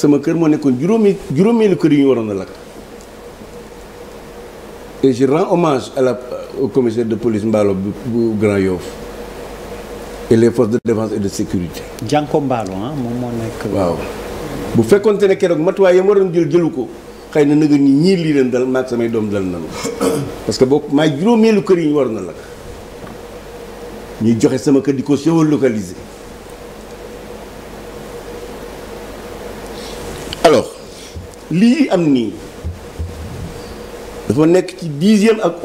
sama kër moo nekkoon juróomi juróomeelu kër yu ñu waroon a lakk et je rends à la euh, commissaire de police Mballo bu Grand Yoff et les forces de défense et de sécurité. Jànko Mballo ah moom moo nekk. waaw bu fekkonte ne keroog matuwaay ya ma waroon jël jëlu ko xëy na nag ñi ñii lii leen dal maag samay doom dal nañu parce que boo maay juróomeelu kër yi ñu waroon a lakk ñuy joxe sama kër di ko géolocaliser. lii am nii dafa nekk ci dixième ak